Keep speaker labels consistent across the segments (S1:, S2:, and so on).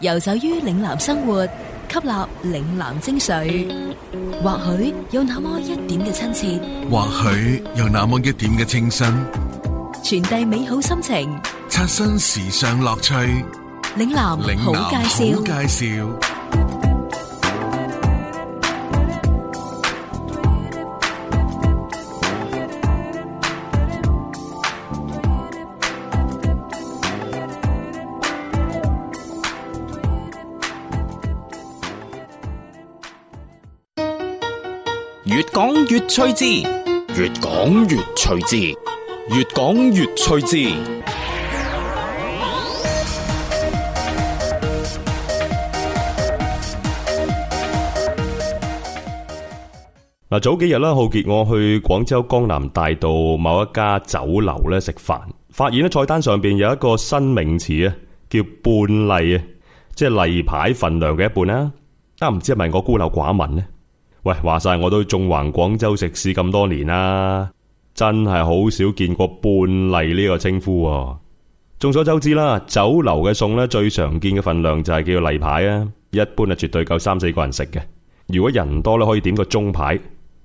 S1: 遊走於嶺南生活，吸納嶺南精髓，或許有那麼一點嘅親切，
S2: 或許有那麼一點嘅清新，
S1: 傳遞美好心情，
S2: 刷新時尚樂趣。
S1: 嶺南好介
S2: 紹。
S3: 趣之，越講越趣之。越講越趣之。
S4: 嗱，早幾日啦，浩杰，我去廣州江南大道某一家酒樓咧食飯，發現咧菜單上邊有一個新名詞啊，叫半例啊，即係例牌份量嘅一半啦，但唔知係咪我孤陋寡聞呢？喂，話晒我都縱橫廣州食肆咁多年啦，啊，真係好少見過半例呢個稱呼，啊。眾所周知啦，酒樓嘅餸，咧最常見嘅份量就係叫例牌啊，一般係絕對夠三四個人食嘅。如果人多咧，可以點個中牌，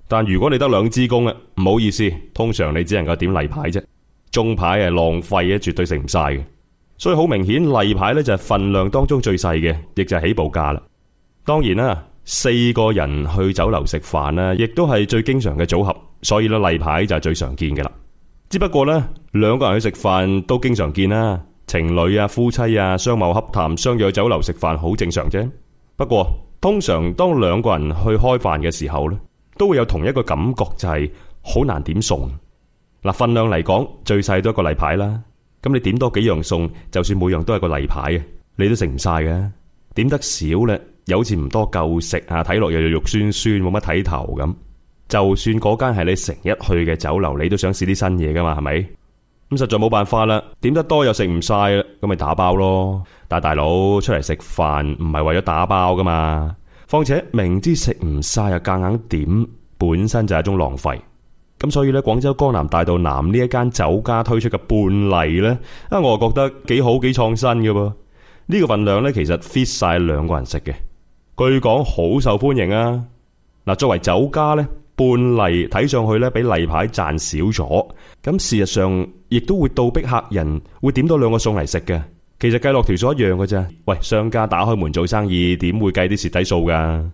S4: 但如果你得兩支公啊，唔好意思，通常你只能夠點例牌啫，中牌係浪費嘅，絕對食唔晒嘅。所以好明顯，例牌呢就係份量當中最細嘅，亦就係起步價啦。當然啦，啊。四個人去酒樓食飯啊，亦都係最經常嘅組合，所以咧，例牌就係最常見嘅啦。只不過呢，兩個人去食飯都經常見啦，情侶啊、夫妻啊、商貿洽談相約酒樓食飯好正常啫。不過通常當兩個人去開飯嘅時候咧，都會有同一個感覺，就係、是、好難點餸。嗱，份量嚟講最細都一個例牌啦。咁你點多幾樣餸，就算每樣都係個例牌嘅，你都食唔晒嘅。點得少咧？有錢唔多夠食啊！睇落又肉酸酸，冇乜睇頭咁。就算嗰間係你成日去嘅酒樓，你都想試啲新嘢噶嘛？係咪？咁、嗯、實在冇辦法啦，點得多又食唔晒啦，咁咪打包咯。但大佬出嚟食飯唔係為咗打包噶嘛？況且明知食唔晒又夾硬點，本身就係一種浪費。咁所以呢，廣州江南大道南呢一間酒家推出嘅半例呢，啊，我又覺得幾好幾創新噶噃。呢、呢個份量呢，其實 fit 晒兩個人食嘅。據講好受歡迎啊！嗱，作為酒家咧，半例睇上去咧比例牌賺少咗，咁事實上亦都會倒逼客人會點多兩個餸嚟食嘅。其實計落條數一樣噶啫。喂，商家打開門做生意，點會計啲蝕底數噶？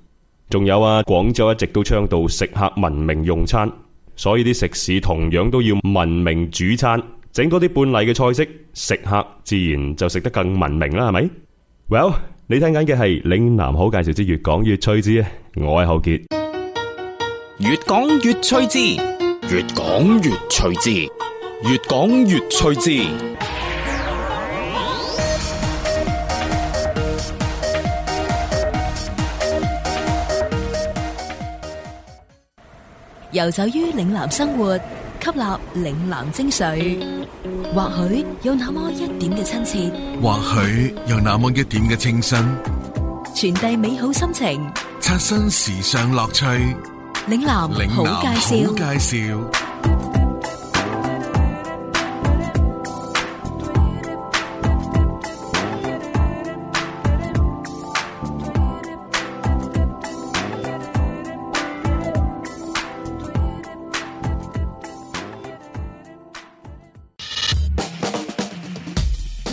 S4: 仲有啊，廣州一直都倡導食客文明用餐，所以啲食肆同樣都要文明煮餐，整多啲半例嘅菜式，食客自然就食得更文明啦，係咪？Well。你聽緊嘅係嶺南好介紹之越講越趣之，我係浩杰。
S3: 越講越趣之，越講越趣之，越講越趣之。
S1: 游走於嶺南生活。吸納嶺南精髓，或許有那麼一點嘅親切，
S2: 或許有那麼一點嘅清新，
S1: 傳遞美好心情，
S2: 刷新時尚樂趣。
S1: 嶺南好介紹，嶺南好介紹。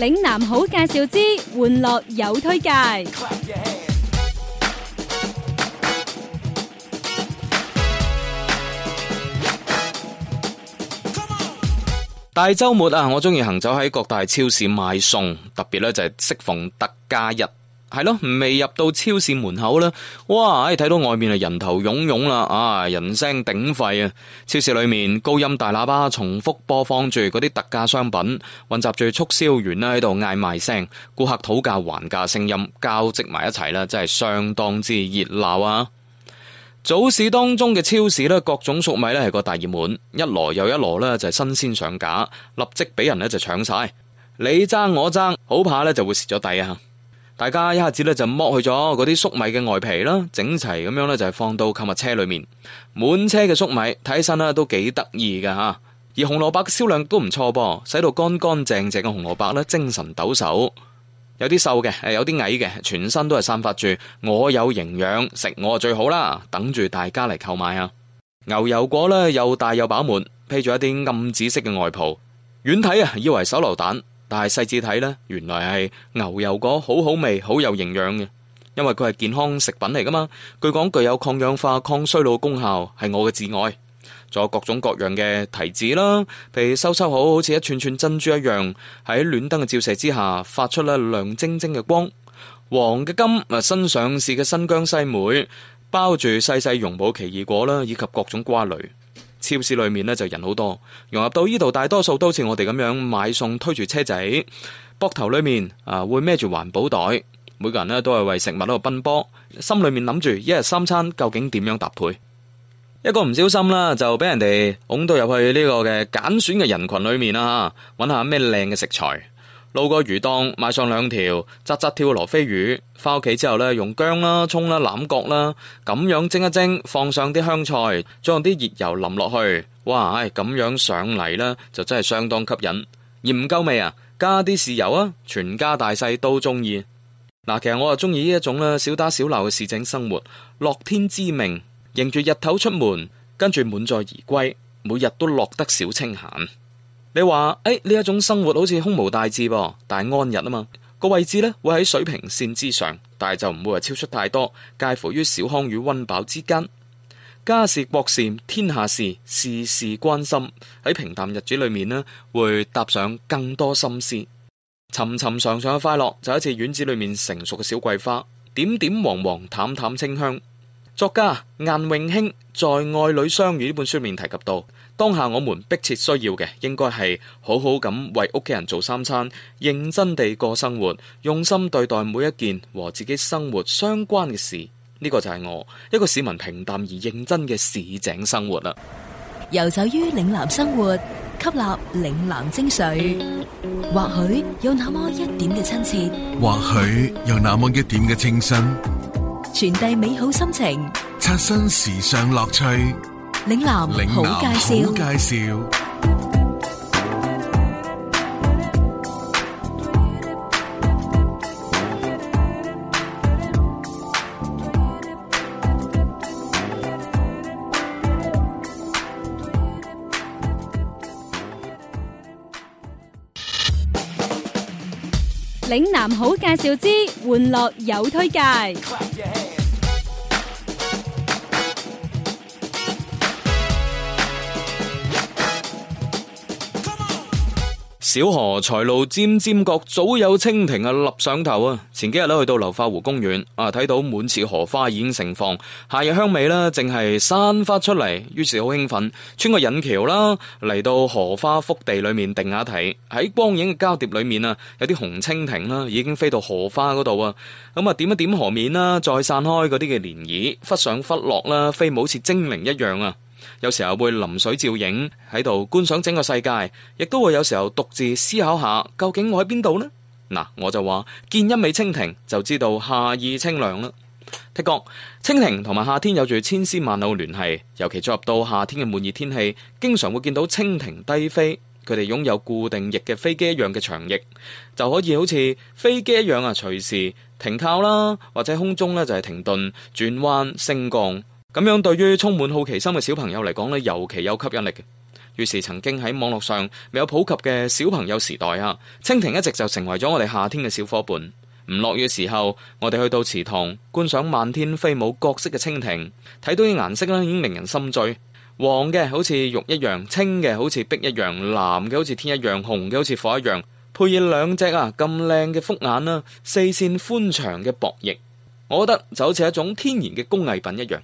S1: 嶺南好介紹之，玩樂有推介。
S3: 大週末啊，我鍾意行走喺各大超市買餸，特別咧就係適逢特價日。係咯，未入到超市門口呢，哇！睇到外面係人頭涌湧啦，啊，人聲鼎沸啊！超市裏面高音大喇叭重複播放住嗰啲特價商品，混雜住促銷員呢喺度嗌賣聲，顧客討價還價聲音交織埋一齊啦，真係相當之熱鬧啊！早市當中嘅超市呢，各種粟米呢係個大熱門，一籮又一籮呢，就係新鮮上架，立即俾人呢就搶晒，你爭我爭，好怕呢就會蝕咗底啊！大家一下子咧就剝去咗嗰啲粟米嘅外皮啦，整齊咁樣咧就係放到購物車裏面，滿車嘅粟米睇起身咧都幾得意㗎吓。而紅蘿蔔嘅銷量都唔錯噃，洗到乾乾淨淨嘅紅蘿蔔咧，精神抖擻，有啲瘦嘅，有啲矮嘅，全身都係散發住我有營養，食我最好啦，等住大家嚟購買啊！牛油果咧又大又飽滿，披住一啲暗紫色嘅外袍，遠睇啊以為手榴彈。但係細緻睇呢，原來係牛油果，好好味，好有營養嘅，因為佢係健康食品嚟噶嘛。據講具有抗氧化、抗衰老功效，係我嘅摯愛。仲有各種各樣嘅提子啦，被收收好好似一串串珍珠一樣，喺暖燈嘅照射之下，發出啦亮晶晶嘅光。黃嘅金，咪新上市嘅新疆西梅，包住細細溶寶奇異果啦，以及各種瓜類。超市裏面咧就人好多，融入到呢度，大多數都似我哋咁樣買餸，推住車仔，膊頭裏面啊會孭住環保袋，每個人咧都係為食物喺度奔波，心裏面諗住一日三餐究竟點樣搭配，一個唔小心啦，就俾人哋拱到入去呢個嘅揀選嘅人群裏面啊，揾下咩靚嘅食材。路過魚檔，買上兩條扎扎跳羅非魚，返屋企之後呢，用薑啦、蔥啦、欖角啦，咁樣蒸一蒸，放上啲香菜，再用啲熱油淋落去，哇！唉，咁樣上嚟呢，就真係相當吸引。鹽夠未啊？加啲豉油啊，全家大細都中意。嗱，其實我就中意呢一種咧，小打小鬧嘅市井生活，樂天知命，迎住日頭出門，跟住滿載而歸，每日都樂得小清閒。你話誒，呢一種生活好似胸無大志，噃，但係安逸啊嘛，個位置咧會喺水平綫之上，但係就唔會話超出太多，介乎於小康與温飽之間。家事國事天下事，事事關心。喺平淡日子裏面呢，會踏上更多心思。尋尋常常嘅快樂就好似院子裏面成熟嘅小桂花，點點黃黃，淡淡清香。作家蔡穎卿在《愛裏相遇》呢本書面提及到。當下我們迫切需要嘅，應該係好好咁為屋企人做三餐，認真地過生活，用心對待每一件和自己生活相關嘅事。呢個就係我一個市民平淡而認真嘅市井生活啦。
S1: 游走於嶺南生活，吸納嶺南精髓，或許有那麼一點嘅親切，
S2: 或許有那麼一點嘅清新，
S1: 傳遞美好心情，
S2: 刷新時尚樂趣。
S1: 嶺南好介紹，嶺南好介紹。嶺南好介紹之，玩樂有推介。
S3: 小荷才露尖尖角，早有蜻蜓啊立上頭啊！前幾日咧去到流花湖公園啊，睇到滿池荷花已經盛放，夏日香味呢，淨係散發出嚟，於是好興奮，穿過引橋啦，嚟到荷花福地裏面定下睇。喺光影嘅交疊裏面啊，有啲紅蜻蜓啦，已經飛到荷花嗰度啊，咁啊點一點河面啦，再散開嗰啲嘅漣漪，忽上忽落啦，飛舞似精靈一樣啊！有時候會臨水照影，喺度觀賞整個世界，亦都會有時候獨自思考下，究竟我喺邊度呢？嗱，我就話見一尾蜻蜓，就知道夏意清涼啦。的確，蜻蜓同埋夏天有住千絲萬縷嘅聯繫，尤其進入到夏天嘅悶熱天氣，經常會見到蜻蜓低飛。佢哋擁有固定翼嘅飛機一樣嘅長翼，就可以好似飛機一樣啊，隨時停靠啦，或者空中咧就係停頓、轉彎、升降。咁樣對於充滿好奇心嘅小朋友嚟講咧，尤其有吸引力嘅。於是，曾經喺網絡上未有普及嘅小朋友時代啊，蜻蜓一直就成為咗我哋夏天嘅小伙伴。唔落雨嘅時候，我哋去到池塘觀賞漫天飛舞各色嘅蜻蜓，睇到啲顏色咧已經令人心醉。黃嘅好似玉一樣，青嘅好似碧一樣，藍嘅好似天一樣，紅嘅好似火一樣。配以兩隻啊咁靚嘅複眼啦，四綫寬長嘅薄翼，我覺得就好似一種天然嘅工藝品一樣。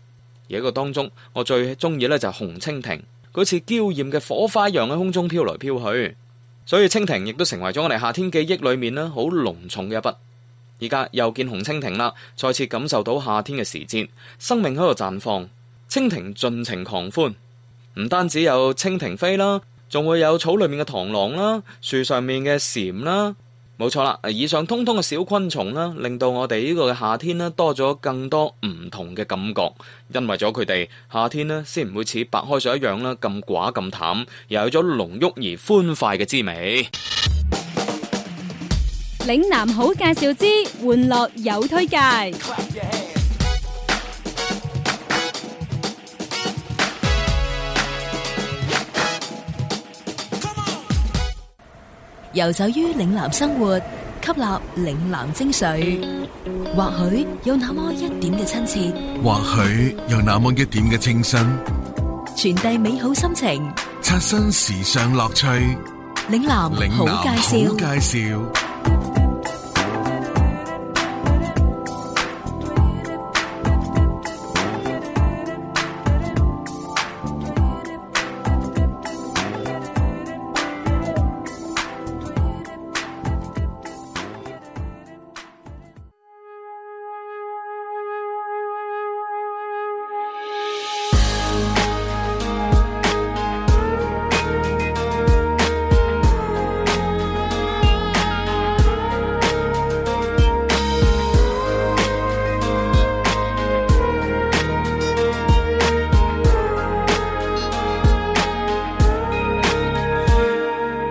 S3: 而一個當中，我最中意咧就係紅蜻蜓，好似嬌艷嘅火花樣喺空中飄來飄去，所以蜻蜓亦都成為咗我哋夏天記憶裏面呢好濃重嘅一筆。而家又見紅蜻蜓啦，再次感受到夏天嘅時節，生命喺度綻放，蜻蜓盡情狂歡。唔單止有蜻蜓飛啦，仲會有草裏面嘅螳螂啦，樹上面嘅蟬啦。冇錯啦，以上通通嘅小昆蟲呢，令到我哋呢個嘅夏天呢多咗更多唔同嘅感覺，因為咗佢哋，夏天呢先唔會似白開水一樣啦，咁寡咁淡，又有咗濃郁而歡快嘅滋味。
S1: 嶺南好介紹之，玩樂有推介。遊走於嶺南生活，吸納嶺南精髓，或許有那麼一點嘅親切，
S2: 或許有那麼一點嘅清新，
S1: 傳遞美好心情，
S2: 刷新時尚樂趣。
S1: 嶺南好介
S2: 紹。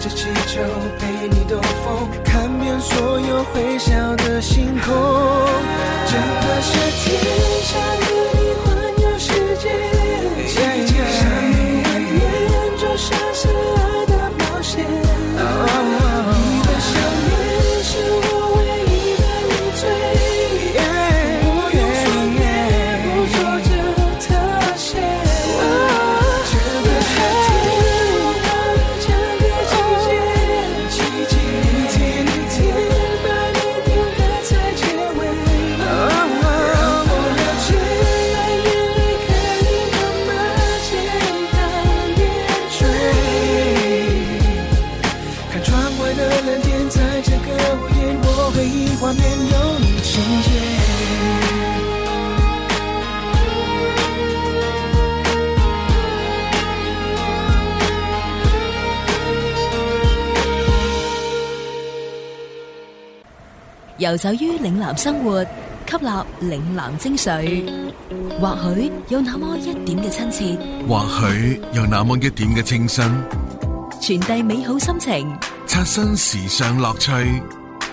S5: 着氣球陪你兜風，看遍所有會笑的星空。整個夏天的。
S1: 遊走於嶺南生活，吸納嶺南精髓，或許有那麼一點嘅親切，
S2: 或許有那麼一點嘅清新，
S1: 傳遞美好心情，
S2: 刷新時尚樂趣。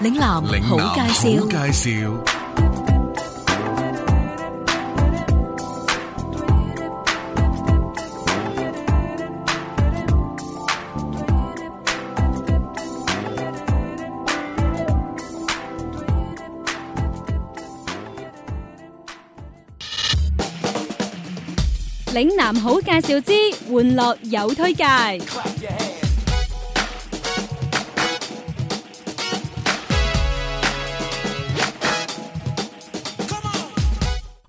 S1: 嶺南好介紹。嶺南好介紹之，玩樂有推介。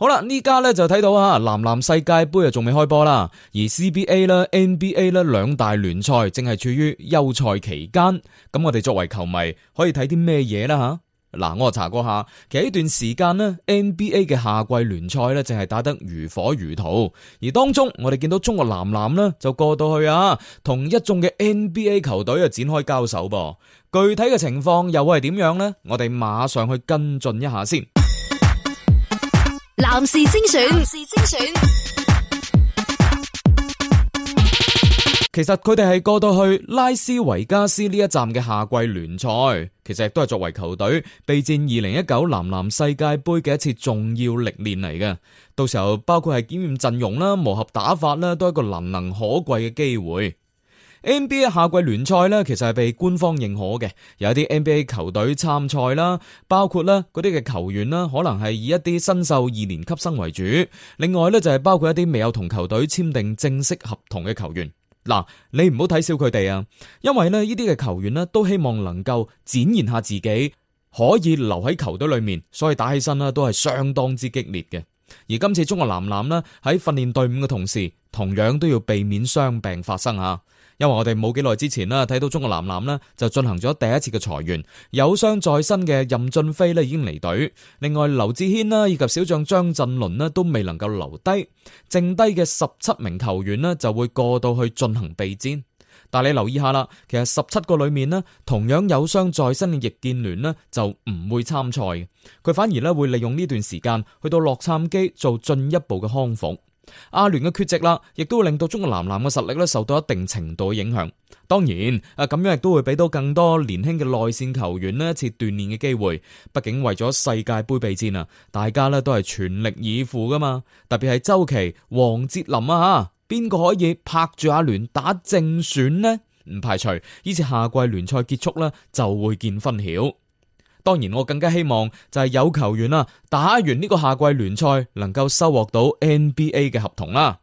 S3: 好啦，呢家咧就睇到啊，男籃世界杯啊，仲未開波啦。而 CBA 啦、NBA 啦兩大聯賽正係處於休賽期間，咁我哋作為球迷可以睇啲咩嘢啦？吓？嗱，我查過下，其實呢段時間咧，NBA 嘅夏季聯賽咧，淨係打得如火如荼，而當中我哋見到中國男籃呢，就過到去啊，同一眾嘅 NBA 球隊啊展開交手噃。具體嘅情況又會係點樣呢？我哋馬上去跟進一下先。
S1: 男士精選。男士精選
S3: 其實佢哋係過到去拉斯維加斯呢一站嘅夏季聯賽，其實亦都係作為球隊備戰二零一九男籃世界杯嘅一次重要歷練嚟嘅。到時候包括係檢驗陣容啦、磨合打法啦，都係一個難能可貴嘅機會。NBA 夏季聯賽呢，其實係被官方認可嘅，有啲 NBA 球隊參賽啦，包括啦嗰啲嘅球員啦，可能係以一啲新秀二年級生為主，另外呢，就係包括一啲未有同球隊簽訂正式合同嘅球員。嗱，你唔好睇笑佢哋啊，因為咧，呢啲嘅球員呢都希望能夠展現下自己，可以留喺球隊裏面，所以打起身呢都係相當之激烈嘅。而今次中國男籃呢，喺訓練隊伍嘅同時，同樣都要避免傷病發生吓。因為我哋冇幾耐之前啦，睇到中國男籃咧就進行咗第一次嘅裁員，有傷在身嘅任駿飛咧已經離隊，另外劉志軒啦以及小將張鎮麟咧都未能夠留低，剩低嘅十七名球員咧就會過到去進行備戰。但係你留意下啦，其實十七個裏面咧同樣有傷在身嘅易建聯咧就唔會參賽，佢反而咧會利用呢段時間去到洛杉磯做進一步嘅康復。阿聯嘅缺席啦、啊，亦都會令到中國男籃嘅實力咧受到一定程度嘅影響。當然，誒、啊、咁樣亦都會俾到更多年輕嘅內線球員呢一次鍛煉嘅機會。畢竟為咗世界杯備戰啊，大家咧都係全力以赴噶嘛。特別係周琦、王哲林啊，吓邊個可以拍住阿聯打正選呢？唔排除，呢次夏季聯賽結束啦，就會見分曉。當然，我更加希望就係有球員啦、啊，打完呢個夏季聯賽能夠收穫到 NBA 嘅合同啦。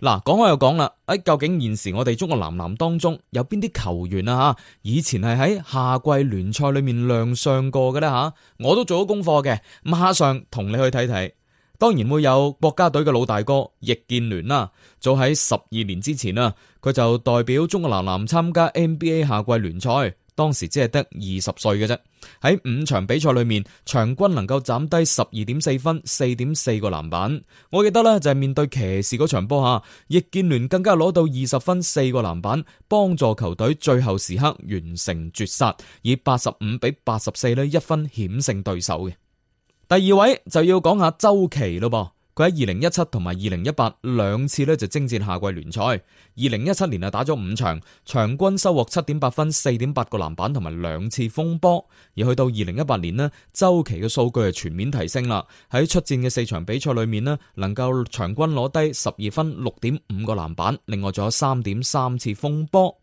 S3: 嗱、啊，講開又講啦，誒，究竟現時我哋中國男籃當中有邊啲球員啊？吓，以前係喺夏季聯賽裏面亮相過嘅咧？吓，我都做咗功課嘅，馬上同你去睇睇。當然會有國家隊嘅老大哥易建聯啦，早喺十二年之前啊，佢就代表中國男籃參加 NBA 夏季聯賽。當時只係得二十歲嘅啫，喺五場比賽裏面，場均能夠斬低十二點四分、四點四個籃板。我記得咧就係、是、面對騎士嗰場波吓，易建聯更加攞到二十分、四個籃板，幫助球隊最後時刻完成絕殺，以八十五比八十四呢一分險勝對手嘅。第二位就要講下周琦咯噃。佢喺二零一七同埋二零一八兩次咧就征戰夏季聯賽。二零一七年啊打咗五場，場均收穫七點八分、四點八個籃板同埋兩次封波。而去到二零一八年呢，周琦嘅數據係全面提升啦。喺出戰嘅四場比賽裏面呢，能夠場均攞低十二分、六點五個籃板，另外仲有三點三次封波。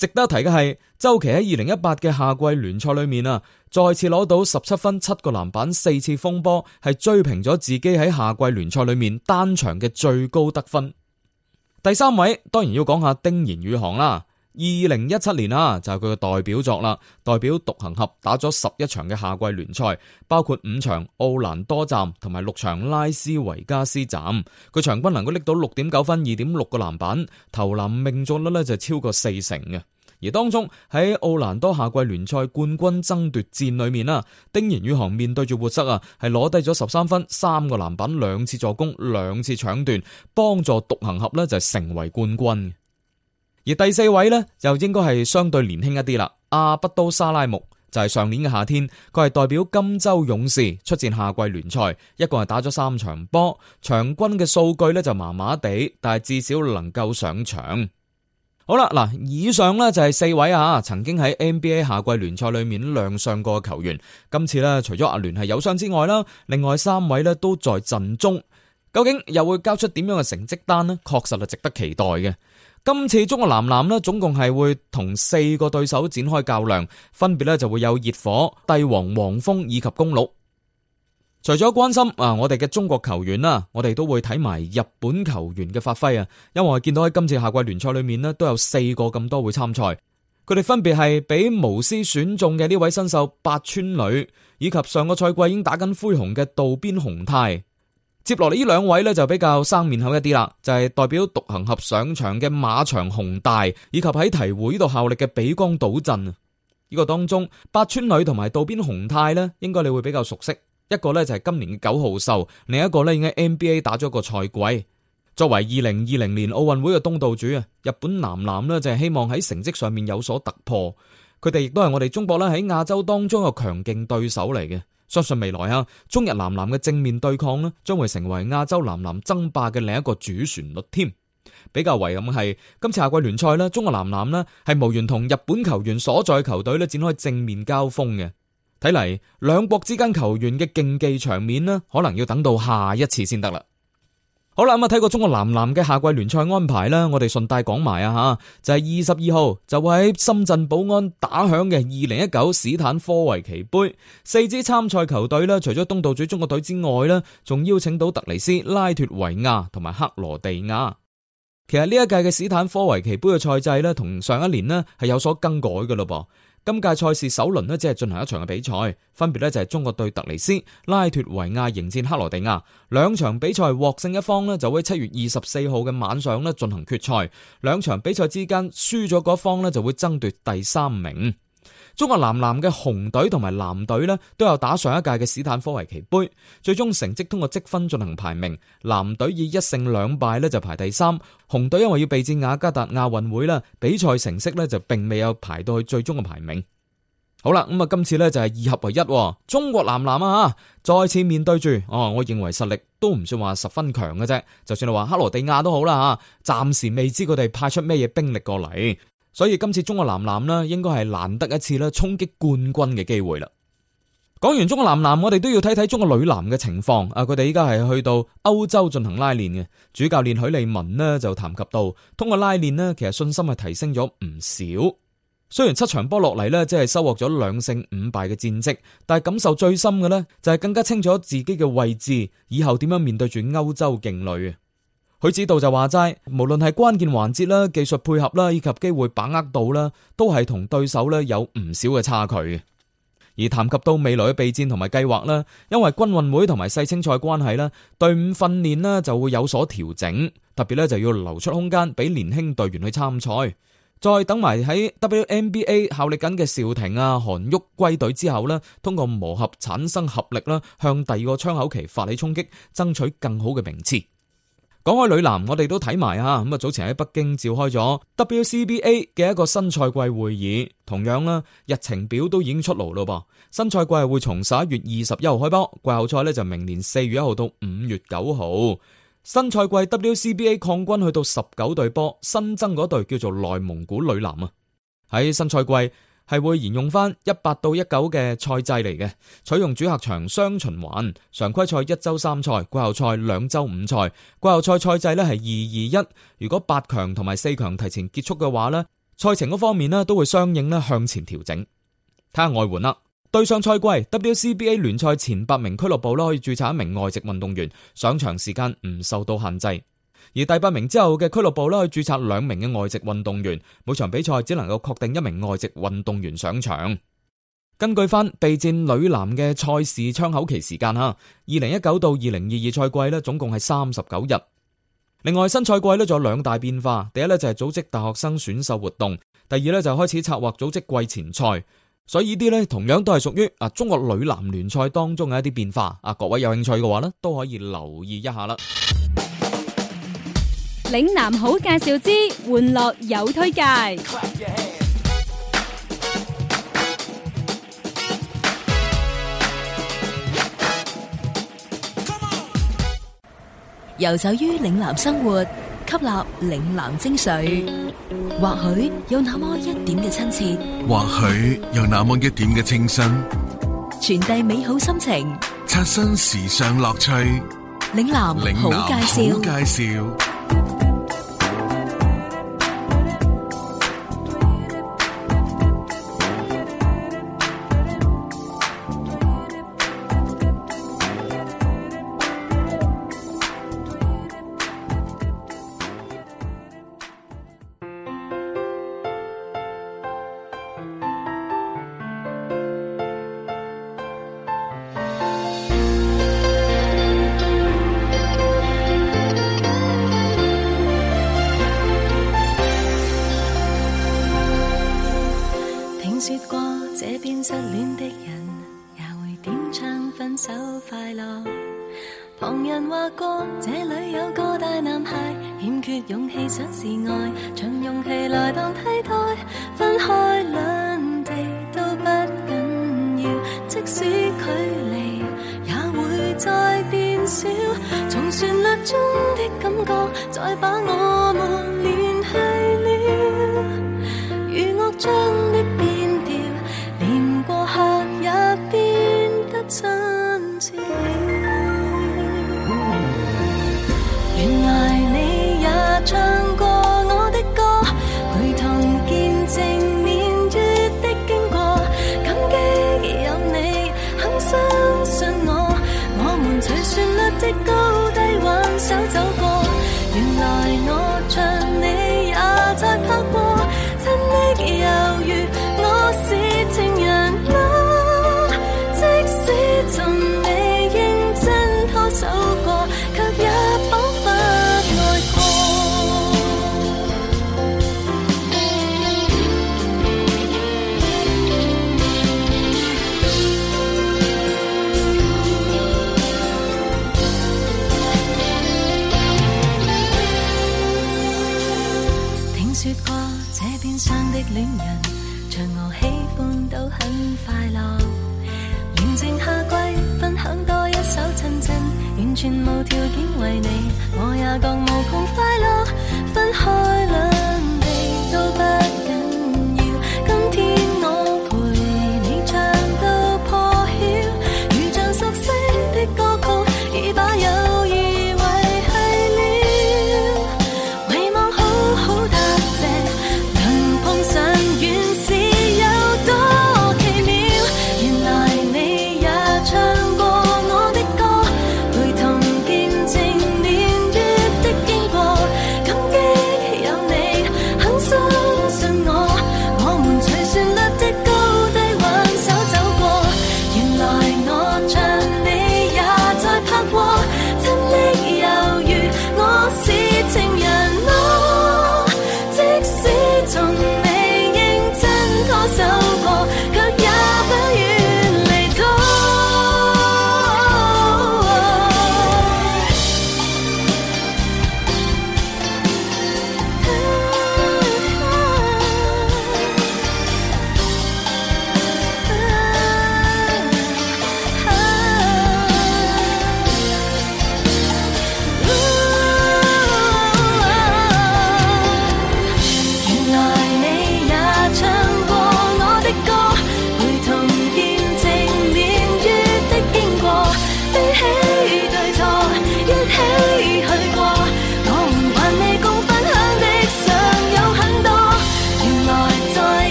S3: 值得提嘅係，周琦喺二零一八嘅夏季聯賽裏面啊，再次攞到十七分、七個籃板、四次封波，係追平咗自己喺夏季聯賽裏面單場嘅最高得分。第三位當然要講下丁彥雨航啦。二零一七年啦，就係佢嘅代表作啦。代表獨行俠打咗十一場嘅夏季聯賽，包括五場奧蘭多站同埋六場拉斯維加斯站。佢場均能夠拎到六點九分、二點六個籃板、投籃命中率咧就超過四成嘅。而當中喺奧蘭多夏季聯賽冠軍爭奪戰裏面啦，丁彥雨航面對住活塞啊，係攞低咗十三分、三個籃板、兩次助攻、兩次搶斷，幫助獨行俠咧就成為冠軍。而第四位呢，就應該係相對年輕一啲啦。阿不都沙拉木就係上年嘅夏天，佢係代表金州勇士出戰夏季聯賽，一共係打咗三場波，場均嘅數據呢，就麻麻地，但係至少能夠上場。好啦，嗱，以上呢，就係四位啊，曾經喺 NBA 夏季聯賽裏面亮相過嘅球員。今次呢，除咗阿聯係有傷之外啦，另外三位呢，都在陣中，究竟又會交出點樣嘅成績單呢？確實係值得期待嘅。今次中國男籃呢，總共係會同四個對手展開較量，分別呢就會有熱火、帝王、黃蜂以及公鹿。除咗關心啊，我哋嘅中國球員啦，我哋都會睇埋日本球員嘅發揮啊，因為我見到喺今次夏季聯賽裏面呢，都有四個咁多會參賽，佢哋分別係俾巫師選中嘅呢位新秀八村塁，以及上個賽季已經打緊灰熊嘅渡邊雄太。接落嚟呢兩位咧就比較生面孔一啲啦，就係、是、代表獨行俠上場嘅馬場雄大，以及喺提會度效力嘅比江島慎啊。呢、這個當中，八村壘同埋道邊雄太呢，應該你會比較熟悉。一個呢，就係、是、今年嘅九號秀，另一個呢，應該 NBA 打咗一個賽季。作為二零二零年奧運會嘅東道主啊，日本男籃呢，就係、是、希望喺成績上面有所突破。佢哋亦都係我哋中國咧喺亞洲當中嘅強勁對手嚟嘅。相信未來啊，中日男籃嘅正面對抗咧，將會成為亞洲男籃爭霸嘅另一個主旋律添。比較遺憾係，今次夏季聯賽咧，中國男籃咧係無緣同日本球員所在球隊咧展開正面交鋒嘅。睇嚟，兩國之間球員嘅競技場面咧，可能要等到下一次先得啦。好啦，咁啊，睇過中國男籃嘅夏季聯賽安排啦，我哋順帶講埋啊吓，就係二十二號就會喺深圳寶安打響嘅二零一九史坦科維奇杯，四支參賽球隊呢，除咗東道主中國隊之外呢，仲邀請到特尼斯、拉脱維亞同埋克羅地亞。其實呢一屆嘅史坦科維奇杯嘅賽制呢，同上一年呢係有所更改㗎嘞噃。今屆賽事首輪咧只係進行一場嘅比賽，分別咧就係中國對特尼斯、拉脱維亞迎戰克羅地亞，兩場比賽獲勝一方呢，就會七月二十四號嘅晚上咧進行決賽，兩場比賽之間輸咗嗰方呢，就會爭奪第三名。中國男籃嘅紅隊同埋藍隊咧，都有打上一屆嘅斯坦科維奇盃，最終成績通過積分進行排名。藍隊以一勝兩敗咧就排第三，紅隊因為要備戰雅加達亞運會啦，比賽成績咧就並未有排到去最終嘅排名。好啦，咁、嗯、啊，今次咧就係二合為一，中國男籃啊，再次面對住哦，我認為實力都唔算話十分強嘅啫，就算你話克羅地亞都好啦吓，暫時未知佢哋派出咩嘢兵力過嚟。所以今次中國男籃咧，應該係難得一次咧衝擊冠軍嘅機會啦。講完中國男籃，我哋都要睇睇中國女籃嘅情況。啊，佢哋依家係去到歐洲進行拉練嘅。主教練許利民呢就談及到，通過拉練咧，其實信心係提升咗唔少。雖然七場波落嚟咧，即係收穫咗兩勝五敗嘅戰績，但係感受最深嘅呢就係、是、更加清楚自己嘅位置，以後點樣面對住歐洲勁旅。佢許指導就話齋，無論係關鍵環節啦、技術配合啦以及機會把握度啦，都係同對手咧有唔少嘅差距。而談及到未來嘅備戰同埋計劃咧，因為軍運會同埋世青賽關係咧，隊伍訓練咧就會有所調整，特別咧就要留出空間俾年輕隊員去參賽。再等埋喺 WNBA 效力緊嘅邵婷啊、韓旭歸隊之後咧，通過磨合產生合力啦，向第二個窗口期發起衝擊，爭取更好嘅名次。講開女籃，我哋都睇埋吓，咁啊早前喺北京召開咗 WCBA 嘅一個新賽季會議，同樣啦，日程表都已經出爐咯噃。新賽季會從十一月二十一號開波，季後賽咧就明年四月一號到五月九號。新賽季 WCBA 擴軍去到十九隊波，新增嗰隊叫做內蒙古女籃啊。喺新賽季，係會沿用翻一八到一九嘅賽制嚟嘅。採用主客場雙循環常規賽一周三賽，季後賽兩周五賽。季後賽賽制呢係二二一。如果八強同埋四強提前結束嘅話呢，賽程嗰方面呢都會相應呢向前調整。睇下外援啦，對上賽季 WCBA 聯賽前八名俱樂部啦，可以注冊一名外籍運動員，上場時間唔受到限制。而第八名之後嘅俱樂部咧，可以注冊兩名嘅外籍運動員，每場比賽只能夠確定一名外籍運動員上場。根據翻備戰女籃嘅賽事窗口期時間啊，二零一九到二零二二賽季咧，總共係三十九日。另外，新賽季咧仲有兩大變化，第一咧就係組織大學生選秀活動，第二咧就係開始策劃組織季前賽。所以呢啲咧同樣都係屬於啊中國女籃聯賽當中嘅一啲變化。啊，各位有興趣嘅話咧，都可以留意一下啦。
S1: 嶺南好介紹之，玩樂有推介。遊走於嶺南生活，吸納嶺南精髓，或許有那麼一點嘅親切，
S2: 或許有那麼一點嘅清新，
S1: 傳遞美好心情，
S2: 刷新時尚樂趣。嶺南好介紹，嶺南好介紹。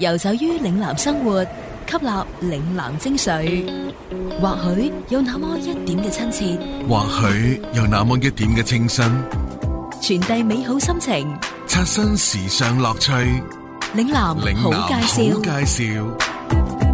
S1: 遊走於嶺南生活，吸納嶺南精髓，或許有那麼一點嘅親切，
S2: 或許有那麼一點嘅清新，
S1: 傳遞美好心情，
S2: 刷新時尚樂趣。
S1: 嶺南好介紹，嶺南好介
S2: 紹。